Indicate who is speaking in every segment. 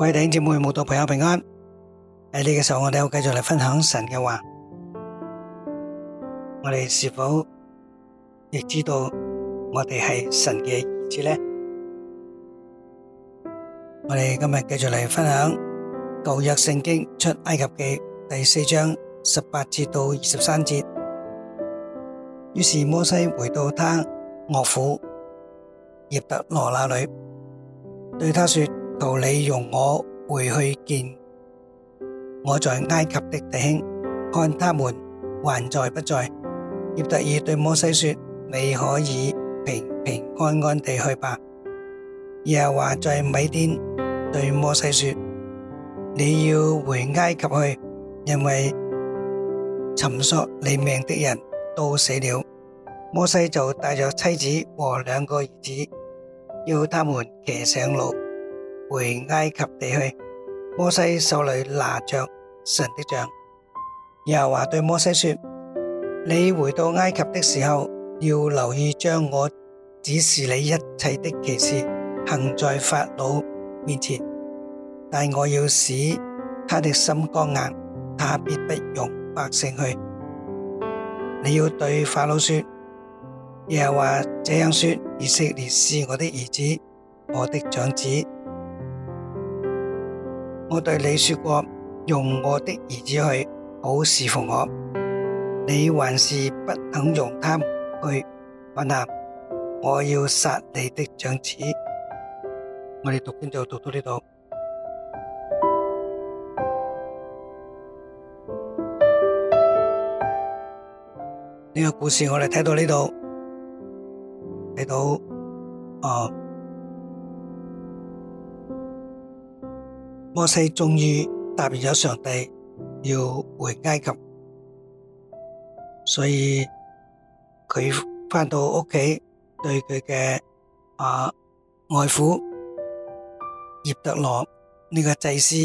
Speaker 1: 各位弟兄姊妹，慕道朋友平安。喺呢個時候，我哋要繼續嚟分享神嘅話。我哋是否亦知道我哋係神嘅兒子呢？我哋今日繼續嚟分享舊約聖經出埃及記第四章十八節到二十三節。於是摩西回到他岳父葉特羅那裏，對他說。求你容我回去見我在埃及的弟兄，看他們還在不在。葉忒羅對摩西說：你可以平平安安地去吧。耶和華在米甸對摩西說：你要回埃及去，因為尋索你命的人都死了。摩西就帶着妻子和兩個兒子，要他們騎上路。回埃及地去，摩西手裏拿着神的杖。耶和華對摩西說：你回到埃及的時候，要留意將我指示你一切的奇事行在法老面前，但我要使他的心剛硬，他必不容百姓去。你要對法老說：耶和華這樣說：以色列是我的兒子，我的長子。我對你說過，用我的兒子去好侍奉我，你還是不肯用他去。約翰，我要殺你的長子。我哋讀經就讀，讀，讀到呢度？呢、這個故事我哋睇到呢度，睇到、哦摩西終於答應咗上帝要回埃及，所以佢返到屋企對佢嘅啊外父葉特羅呢個祭司，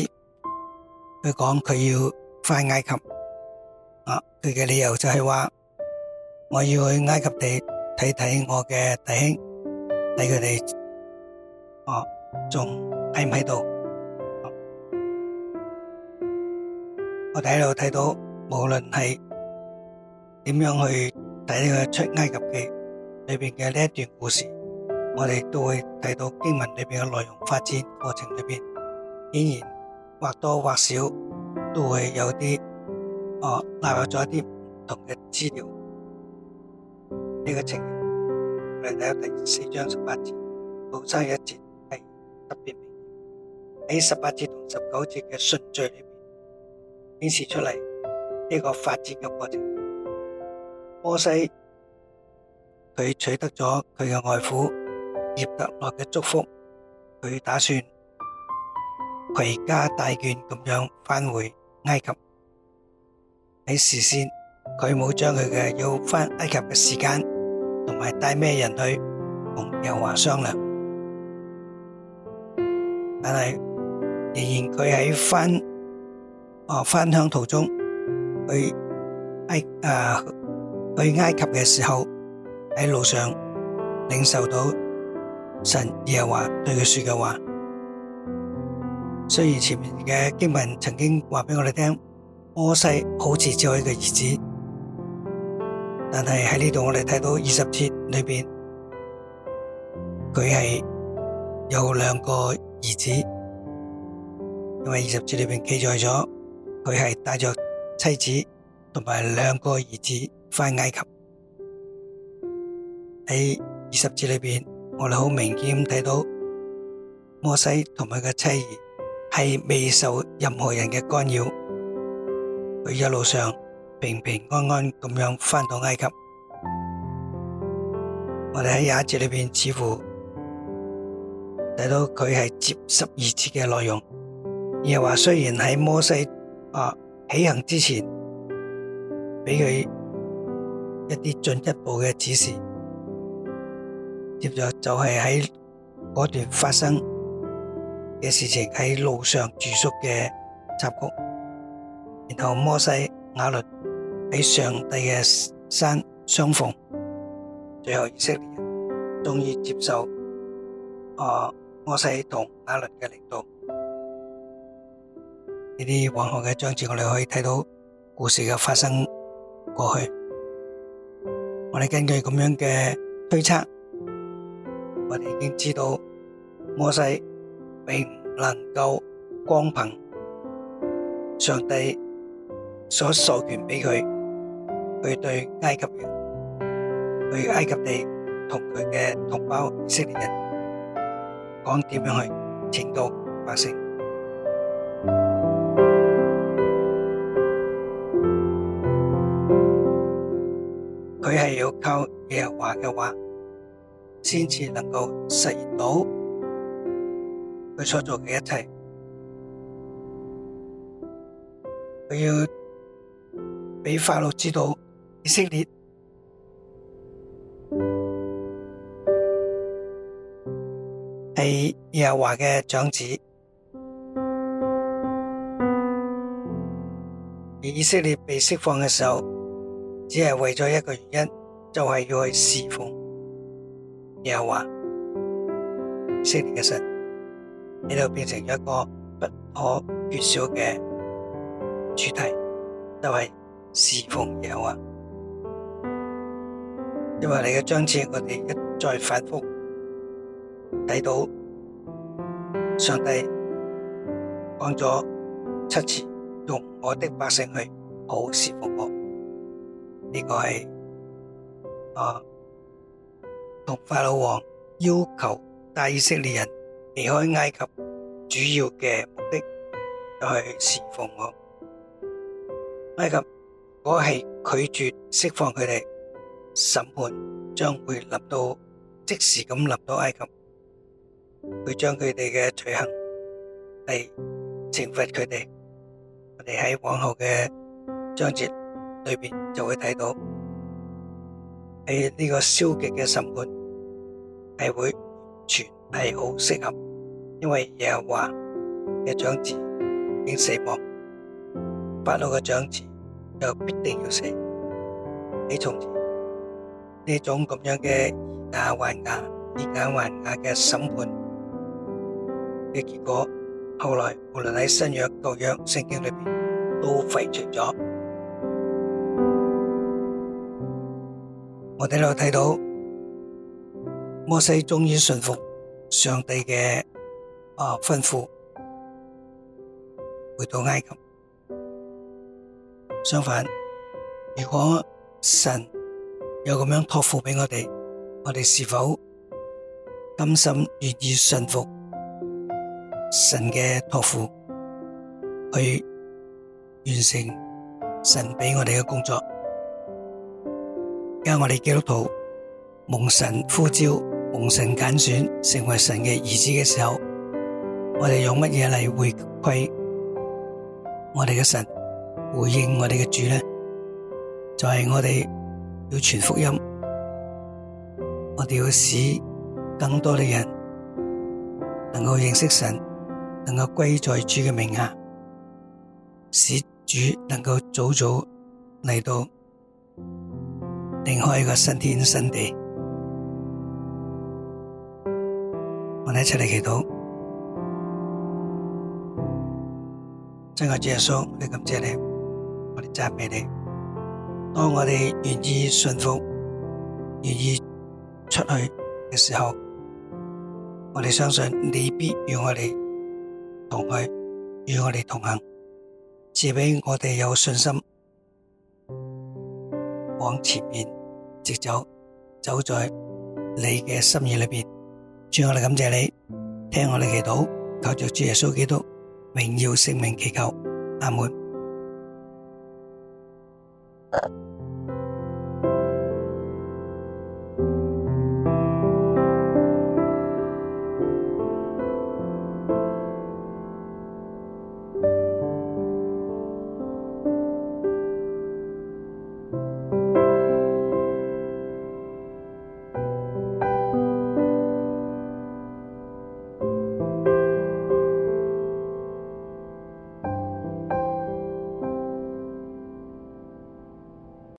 Speaker 1: 佢講佢要返埃及啊，佢嘅理由就係話，我要去埃及地睇睇我嘅弟兄，睇佢哋哦，仲喺唔喺度？我哋喺度睇到，無論係點樣去睇呢個出埃及記裏邊嘅呢一段故事，我哋都會睇到經文裏邊嘅內容發展過程裏邊，顯然或多或少都會有啲哦，納入咗一啲唔同嘅資料呢個情形，我哋睇到第四章十八節，到三十一節係特別明顯喺十八節同十九節嘅順序裡面。顯示出嚟呢個發展嘅過程。摩西佢取得咗佢嘅外父葉忒羅嘅祝福，佢打算攜家帶眷咁樣翻回埃及。喺事先，佢冇將佢嘅要翻埃及嘅時間同埋帶咩人去同猶華商量，但係仍然佢喺翻。哦，返鄉途中去埃誒，去埃及嘅時候，喺路上領受到神耶和華對佢說嘅話。雖然前面嘅經文曾經話俾我哋聽，摩西好似只係一個兒子，但係喺呢度我哋睇到二十節裏邊，佢係有兩個兒子，因為二十節裏邊記載咗。佢係帶着妻子同埋兩個兒子翻埃及。喺二十節裏邊，我哋好明顯睇到摩西同佢嘅妻兒係未受任何人嘅干擾，佢一路上平平安安咁樣翻到埃及。我哋喺廿一節裏邊似乎睇到佢係接十二節嘅內容，而係話雖然喺摩西。啊！起行之前，畀佢一啲進一步嘅指示。接著就係喺嗰段發生嘅事情，喺路上住宿嘅插曲。然後摩西、亞倫喺上帝嘅山相逢，最後以色列人終於接受啊摩西同亞倫嘅領導。呢啲往後嘅章節，我哋可以睇到故事嘅發生過去。我哋根據咁樣嘅推測，我哋已經知道摩西並唔能夠光憑上帝所授權俾佢去對埃及人，去埃及地同佢嘅同胞以色列人講點樣去拯救百姓，係要靠耶和華嘅話，先至能夠實現到佢所做嘅一切。佢要俾法老知道，以色列係耶和華嘅長子。以色列被釋放嘅時候。只係為咗一個原因，就係、是、要去侍奉，然後話，聖潔嘅神，你就變成一個不可缺少嘅主題，就係、是、侍奉，然後啊，因為你嘅章節，我哋一再反覆睇到，上帝講咗七次，用我的百姓去好侍奉我。呢個係啊，同法老王要求帶以色列人離開埃及主要嘅目的，就係侍奉我埃及。如果係拒絕釋放佢哋，審判將會立到即時咁立到埃及，會將佢哋嘅罪行嚟懲罰佢哋。我哋喺往後嘅章節。裏邊就會睇到喺呢個消極嘅審判係會完全係好適合，因為耶和華嘅長子已經死亡，法老嘅長子又必定要死。喺從前呢種咁樣嘅以牙還牙、以眼還眼嘅審判嘅結果，後來無論喺新約舊約聖經裏邊都廢除咗。我哋又睇到摩西終於順服上帝嘅啊吩咐，回到埃及。相反，如果神有咁樣託付俾我哋，我哋是否甘心願意順服神嘅託付，去完成神俾我哋嘅工作？而家我哋基督徒蒙神呼召、蒙神揀選，成為神嘅兒子嘅時候，我哋用乜嘢嚟回饋我哋嘅神、回應我哋嘅主咧？就係我哋要傳福音，我哋要使更多嘅人能夠認識神，能夠歸在主嘅名下，使主能夠早早嚟到。另開一個新天新地，我哋一齊嚟祈禱。親愛主耶穌，我哋感謝你，我哋讚美你。當我哋願意信服、願意出去嘅時候，我哋相信你必與我哋同去，與我哋同行，賜俾我哋有信心往前面。直走，走在你嘅心意裏邊，主，我哋感謝你，聽我哋祈禱，求着主耶穌基督榮耀聖名祈求，阿門。